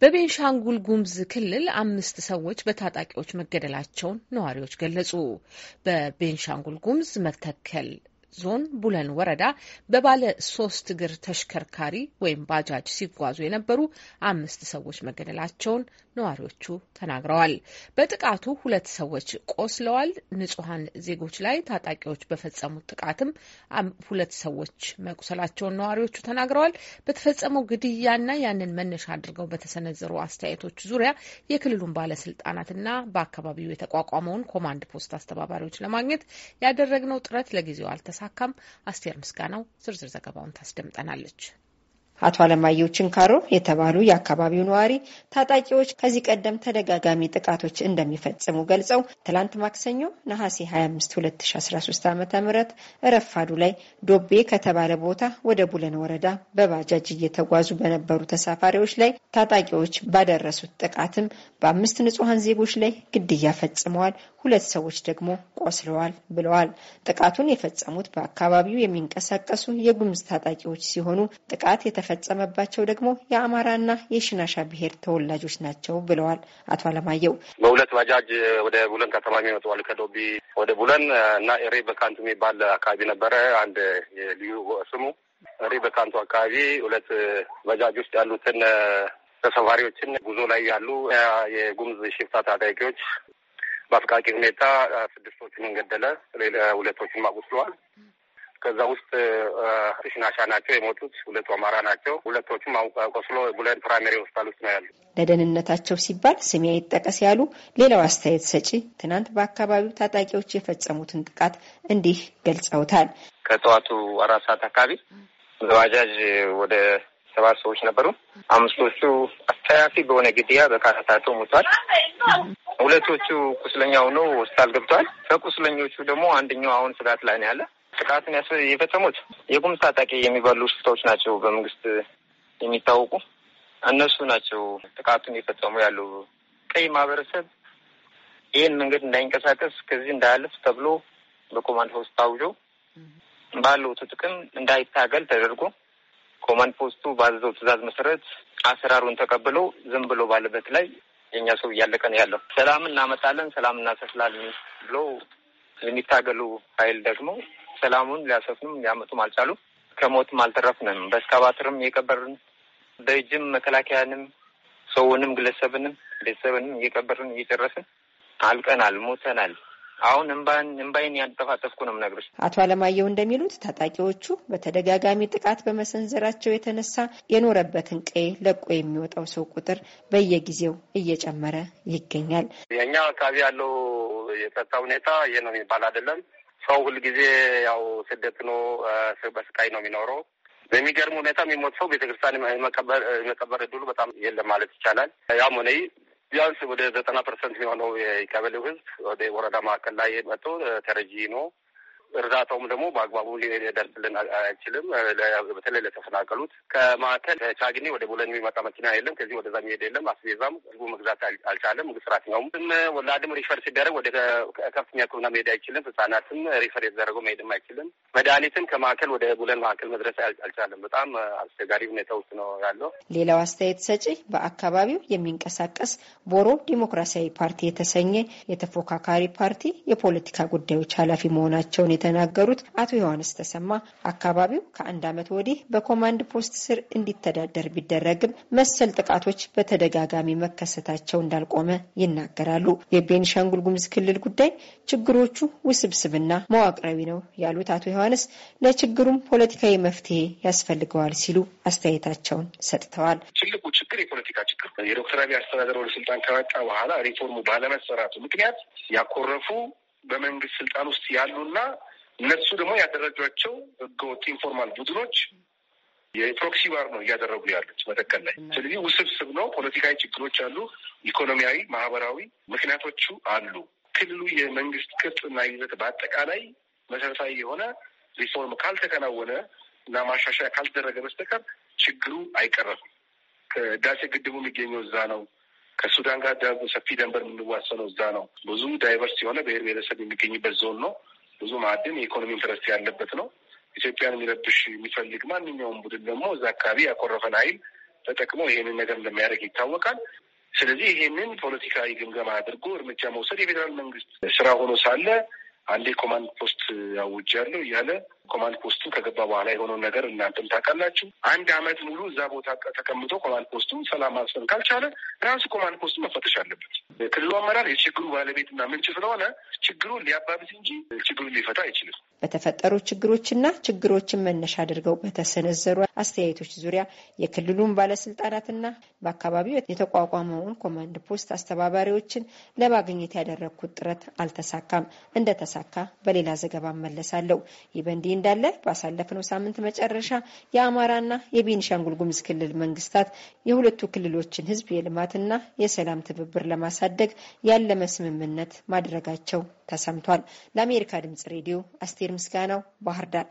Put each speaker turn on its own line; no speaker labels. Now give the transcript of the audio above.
በቤንሻንጉል ጉሙዝ ክልል አምስት ሰዎች በታጣቂዎች መገደላቸውን ነዋሪዎች ገለጹ። በቤንሻንጉል ጉሙዝ መተከል ዞን ቡለን ወረዳ በባለ ሶስት እግር ተሽከርካሪ ወይም ባጃጅ ሲጓዙ የነበሩ አምስት ሰዎች መገደላቸውን ነዋሪዎቹ ተናግረዋል። በጥቃቱ ሁለት ሰዎች ቆስለዋል። ንጹሐን ዜጎች ላይ ታጣቂዎች በፈጸሙት ጥቃትም ሁለት ሰዎች መቁሰላቸውን ነዋሪዎቹ ተናግረዋል። በተፈጸመው ግድያና ያንን መነሻ አድርገው በተሰነዘሩ አስተያየቶች ዙሪያ የክልሉን ባለስልጣናትና በአካባቢው የተቋቋመውን ኮማንድ ፖስት አስተባባሪዎች ለማግኘት ያደረግነው ጥረት ለጊዜው አልተሳ እንደተሳካም አስቴር ምስጋናው ዝርዝር ዘገባውን ታስደምጠናለች።
አቶ አለማየሁ ችንካሮ የተባሉ የአካባቢው ነዋሪ ታጣቂዎች ከዚህ ቀደም ተደጋጋሚ ጥቃቶች እንደሚፈጽሙ ገልጸው ትላንት ማክሰኞ ነሐሴ 25 2013 ዓ ም ረፋዱ ላይ ዶቤ ከተባለ ቦታ ወደ ቡለን ወረዳ በባጃጅ እየተጓዙ በነበሩ ተሳፋሪዎች ላይ ታጣቂዎች ባደረሱት ጥቃትም በአምስት ንጹሐን ዜጎች ላይ ግድያ ፈጽመዋል፣ ሁለት ሰዎች ደግሞ ቆስለዋል ብለዋል። ጥቃቱን የፈጸሙት በአካባቢው የሚንቀሳቀሱ የጉምዝ ታጣቂዎች ሲሆኑ ጥቃት የተፈ የተፈጸመባቸው ደግሞ የአማራና የሽናሻ ብሔር ተወላጆች ናቸው ብለዋል አቶ አለማየሁ።
በሁለት ባጃጅ ወደ ቡለን ከተማ የሚመጡ ከዶቢ ወደ ቡለን እና ኤሬ በካንቱ የሚባል አካባቢ ነበረ። አንድ የልዩ ስሙ ኤሬ በካንቱ አካባቢ ሁለት ባጃጅ ውስጥ ያሉትን ተሰፋሪዎችን ጉዞ ላይ ያሉ የጉምዝ ሽፍታ ታጣቂዎች በአስቃቂ ሁኔታ ስድስቶችን ሌላ ሁለቶችን አቁስለዋል። ከዛ ውስጥ ሽናሻ ናቸው የሞቱት። ሁለቱ አማራ ናቸው። ሁለቶቹም ቆስሎ ቡለን ፕራይመሪ ሆስፒታል ውስጥ
ነው ያሉ።
ለደህንነታቸው ሲባል ስሜ ይጠቀስ ያሉ ሌላው አስተያየት ሰጪ ትናንት በአካባቢው ታጣቂዎች የፈጸሙትን ጥቃት እንዲህ ገልጸውታል።
ከጠዋቱ አራት ሰዓት አካባቢ በባጃጅ ወደ ሰባት ሰዎች ነበሩ። አምስቶቹ አስተያፊ በሆነ ግድያ በካታታቸው ሞቷል። ሁለቶቹ ቁስለኛ ሆነው ሆስፒታል ገብተዋል። ከቁስለኞቹ ደግሞ አንደኛው አሁን ስጋት ላይ ነው ያለ ጥቃትን የፈጸሙት የቁም ታጣቂ የሚባሉ ሽፍታዎች ናቸው። በመንግስት የሚታወቁ እነሱ ናቸው ጥቃቱን የፈጸሙ ያሉ። ቀይ ማህበረሰብ ይህን መንገድ እንዳይንቀሳቀስ ከዚህ እንዳያልፍ ተብሎ በኮማንድ ፖስት ታውጆ ባለው ትጥቅም እንዳይታገል ተደርጎ ኮማንድ ፖስቱ ባዘዘው ትዕዛዝ መሰረት አሰራሩን ተቀብሎ ዝም ብሎ ባለበት ላይ የእኛ ሰው እያለቀ ነው ያለው። ሰላም እናመጣለን፣ ሰላም እናሰፍላለን ብሎ የሚታገሉ ኃይል ደግሞ ሰላሙን ሊያሰፍኑም ሊያመጡም አልቻሉም። ከሞትም አልተረፍንም። በእስካባትርም እየቀበርን በእጅም መከላከያንም ሰውንም ግለሰብንም ቤተሰብንም እየቀበርን እየጨረስን አልቀናል፣ ሞተናል። አሁን እምባን እምባይን ያንጠፋጠፍኩ ነው የምነግርሽ።
አቶ አለማየሁ እንደሚሉት ታጣቂዎቹ በተደጋጋሚ ጥቃት በመሰንዘራቸው የተነሳ የኖረበትን ቀይ ለቆ የሚወጣው ሰው ቁጥር በየጊዜው እየጨመረ ይገኛል።
የእኛ አካባቢ ያለው የጸጥታ ሁኔታ ይህ ነው የሚባል አይደለም። ሰው ሁልጊዜ ያው ስደት ነው፣ በስቃይ ነው የሚኖረው። በሚገርም ሁኔታ የሚሞት ሰው ቤተክርስቲያን የመቀበር እድሉ በጣም የለም ማለት ይቻላል። ያም ሆነ ቢያንስ ወደ ዘጠና ፐርሰንት የሚሆነው የቀበሌው ህዝብ ወደ ወረዳ ማዕከል ላይ መጥቶ ተረጂ ነው። እርዳታውም ደግሞ በአግባቡ ሊደርስልን አይችልም። በተለይ ለተፈናቀሉት ከማዕከል ቻግኔ ወደ ቡለን የሚመጣ መኪና የለም። ከዚህ ወደዛ የሚሄድ የለም። አስቤዛም ህዝቡ መግዛት አልቻለም። መንግስት ወላድም ሪፈር ሲደረግ ወደ ከፍተኛ ሕክምና መሄድ አይችልም። ህጻናትም ሪፈር የተደረገው መሄድም አይችልም። መድኃኒትም ከማዕከል ወደ ቡለን ማዕከል መድረስ አልቻለም። በጣም አስቸጋሪ ሁኔታ ውስጥ ነው ያለው።
ሌላው አስተያየት ሰጪ በአካባቢው የሚንቀሳቀስ ቦሮ ዲሞክራሲያዊ ፓርቲ የተሰኘ የተፎካካሪ ፓርቲ የፖለቲካ ጉዳዮች ኃላፊ መሆናቸውን የተናገሩት አቶ ዮሐንስ ተሰማ አካባቢው ከአንድ ዓመት ወዲህ በኮማንድ ፖስት ስር እንዲተዳደር ቢደረግም መሰል ጥቃቶች በተደጋጋሚ መከሰታቸው እንዳልቆመ ይናገራሉ። የቤንሻንጉል ጉሙዝ ክልል ጉዳይ ችግሮቹ ውስብስብና መዋቅራዊ ነው ያሉት አቶ ዮሐንስ ለችግሩም ፖለቲካዊ መፍትሄ ያስፈልገዋል ሲሉ አስተያየታቸውን ሰጥተዋል። ትልቁ ችግር
የፖለቲካ ችግር የዶክተር አብይ አስተዳደር ወደ ስልጣን ከመጣ በኋላ ሪፎርሙ ባለመሰራቱ ምክንያት ያኮረፉ በመንግስት ስልጣን ውስጥ ያሉና እነሱ ደግሞ ያደረጇቸው ህገወጥ ኢንፎርማል ቡድኖች የፕሮክሲ ዋር ነው እያደረጉ ያሉት መተከል ላይ። ስለዚህ ውስብስብ ነው። ፖለቲካዊ ችግሮች አሉ፣ ኢኮኖሚያዊ፣ ማህበራዊ ምክንያቶቹ አሉ። ክልሉ የመንግስት ቅርጽና ይዘት በአጠቃላይ መሰረታዊ የሆነ ሪፎርም ካልተከናወነ እና ማሻሻያ ካልተደረገ በስተቀር ችግሩ አይቀረፍም። ከህዳሴ ግድቡ የሚገኘው እዛ ነው። ከሱዳን ጋር ሰፊ ደንበር የምንዋሰነው እዛ ነው። ብዙ ዳይቨርስ የሆነ ብሔር ብሔረሰብ የሚገኝበት ዞን ነው። ብዙ ማዕድን የኢኮኖሚ ኢንትረስት ያለበት ነው። ኢትዮጵያን የሚረብሽ የሚፈልግ ማንኛውም ቡድን ደግሞ እዛ አካባቢ ያኮረፈን ኃይል ተጠቅሞ ይሄንን ነገር እንደሚያደርግ ይታወቃል። ስለዚህ ይሄንን ፖለቲካዊ ግምገማ አድርጎ እርምጃ መውሰድ የፌዴራል መንግስት ስራ ሆኖ ሳለ አንዴ ኮማንድ ፖስት አውጃለሁ እያለ ኮማንድ ፖስቱ ከገባ በኋላ የሆነውን ነገር እናንተም ታውቃላችሁ። አንድ አመት ሙሉ እዛ ቦታ ተቀምጦ ኮማንድ ፖስቱ ሰላም ማስፈን ካልቻለ ራሱ ኮማንድ ፖስቱ መፈተሽ አለበት። ክልሉ አመራር የችግሩ ባለቤትና ምንጭ ስለሆነ ችግሩን ሊያባብስ እንጂ ችግሩን ሊፈታ አይችልም።
በተፈጠሩ ችግሮችና ችግሮችን መነሻ አድርገው በተሰነዘሩ አስተያየቶች ዙሪያ የክልሉን ባለስልጣናትና በአካባቢው የተቋቋመውን ኮማንድ ፖስት አስተባባሪዎችን ለማግኘት ያደረግኩት ጥረት አልተሳካም። እንደተሳካ በሌላ ዘገባ መለሳለው። ይህ በእንዲህ እንዳለ ባሳለፍነው ሳምንት መጨረሻ የአማራና የቤኒሻንጉል ጉምዝ ክልል መንግስታት የሁለቱ ክልሎችን ህዝብ የልማትና የሰላም ትብብር ለማሳደግ ያለመ ስምምነት ማድረጋቸው
ተሰምቷል። ለአሜሪካ ድምጽ ሬዲዮ አስቴር ምስጋናው ባህር ዳር